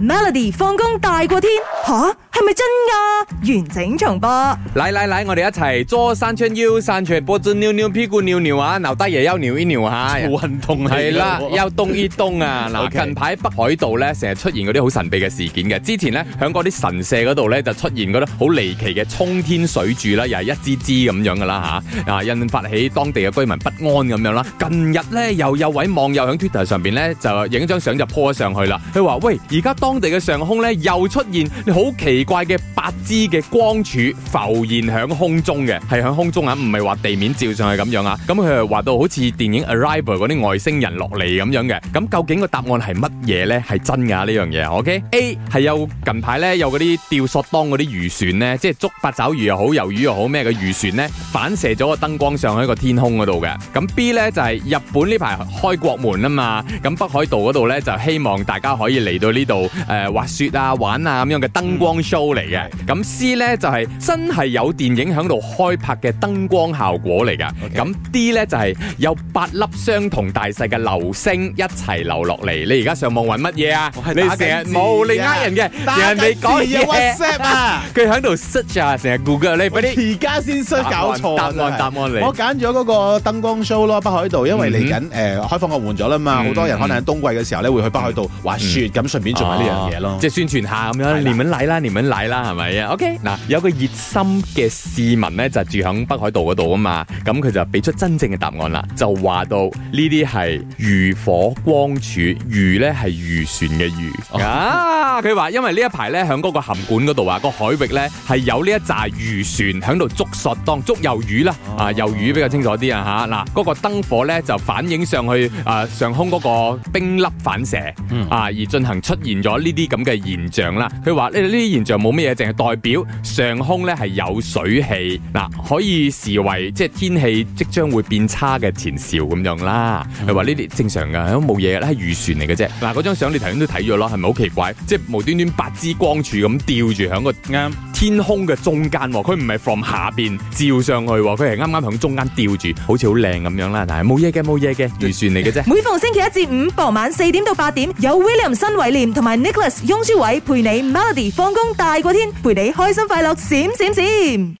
Melody 放工大過天吓，係咪真噶？完整重播，嚟嚟嚟，我哋一齊做山圈腰，三圈波子扭扭屁股尿尿，啊！扭低嘢休尿，一尿，下，做運動係啦，休東 一東啊！嗱， Okay. 近排北海道咧成日出現嗰啲好神秘嘅事件嘅，之前咧響嗰啲神社嗰度咧就出現嗰啲好離奇嘅衝天水柱啦，又係一支支咁樣噶啦吓啊，引發起當地嘅居民不安咁樣啦。近日咧又有位網友喺 Twitter 上邊咧就影張相就 po 咗上去啦，佢話喂而家當。當地嘅上空咧又出現好奇怪嘅八支嘅光柱浮現響空中嘅，係響空中啊，唔係話地面照上去咁樣啊。咁佢又話到好似電影 Arrival 嗰啲外星人落嚟咁樣嘅。咁究竟個答案係乜嘢咧？係真噶，OK? 呢樣嘢？OK，A 係有近排咧有嗰啲吊索當嗰啲漁船咧，即係捉八爪魚又好，魷魚又好咩嘅漁船咧，反射咗個燈光上去個天空嗰度嘅。咁 B 咧就係，是，日本呢排開國門啊嘛，咁北海道嗰度咧就希望大家可以嚟到呢度。誒，滑雪啊，玩啊咁樣嘅燈光 show 嚟嘅。咁 C 咧就係真係有電影響度開拍嘅燈光效果嚟噶。咁 D 咧就係有八粒相同大細嘅流星一齊流落嚟。你而家上網揾乜嘢啊？你成日無理呃人嘅，但人哋講嘢 WhatsApp 啊，佢響度 search 啊，成日 Google 你。Google 你。而家先 search 搞錯，答案答案嚟。我揀咗嗰個燈光 show 咯，北海道，因為嚟緊誒開放我換咗啦嘛，好多人可能喺冬季嘅時候咧會去北海道滑雪，咁順便做埋呢樣嘢咯，即係宣傳下咁樣，聯名禮啦，聯名禮啦，係咪啊？OK，嗱，有個熱心嘅市民咧，就住響北海道嗰度啊嘛，咁佢就俾出真正嘅答案啦，就話到呢啲係漁火光柱，漁咧係漁船嘅漁啊！佢話因為呢一排咧，響嗰個涵管嗰度啊，個海域咧係有呢一紮漁船響度捉索當捉魷魚啦，啊魷魚比較清楚啲啊嚇，嗱嗰個燈火咧就反映上去啊上空嗰個冰粒反射啊而進行出現咗。呢啲咁嘅現象啦，佢話呢呢啲現象冇乜嘢，淨係代表上空咧係有水氣，嗱、啊、可以視為即係天氣即將會變差嘅前兆咁樣啦。佢話呢啲正常噶，都冇嘢啦，係漁船嚟嘅啫。嗱，嗰、啊、張相你頭先都睇咗咯，係咪好奇怪？即係無端端八支光柱咁吊住喺、那個啱。嗯天空嘅中間，佢唔係 from 下邊照上去，佢係啱啱響中間吊住，好似好靚咁樣啦。但係冇嘢嘅，冇嘢嘅預算嚟嘅啫。每逢星期一至五傍晚四點到八點，有 William 新偉廉同埋 Nicholas 雍舒偉陪你 Melody 放工大過天，陪你開心快樂閃閃閃。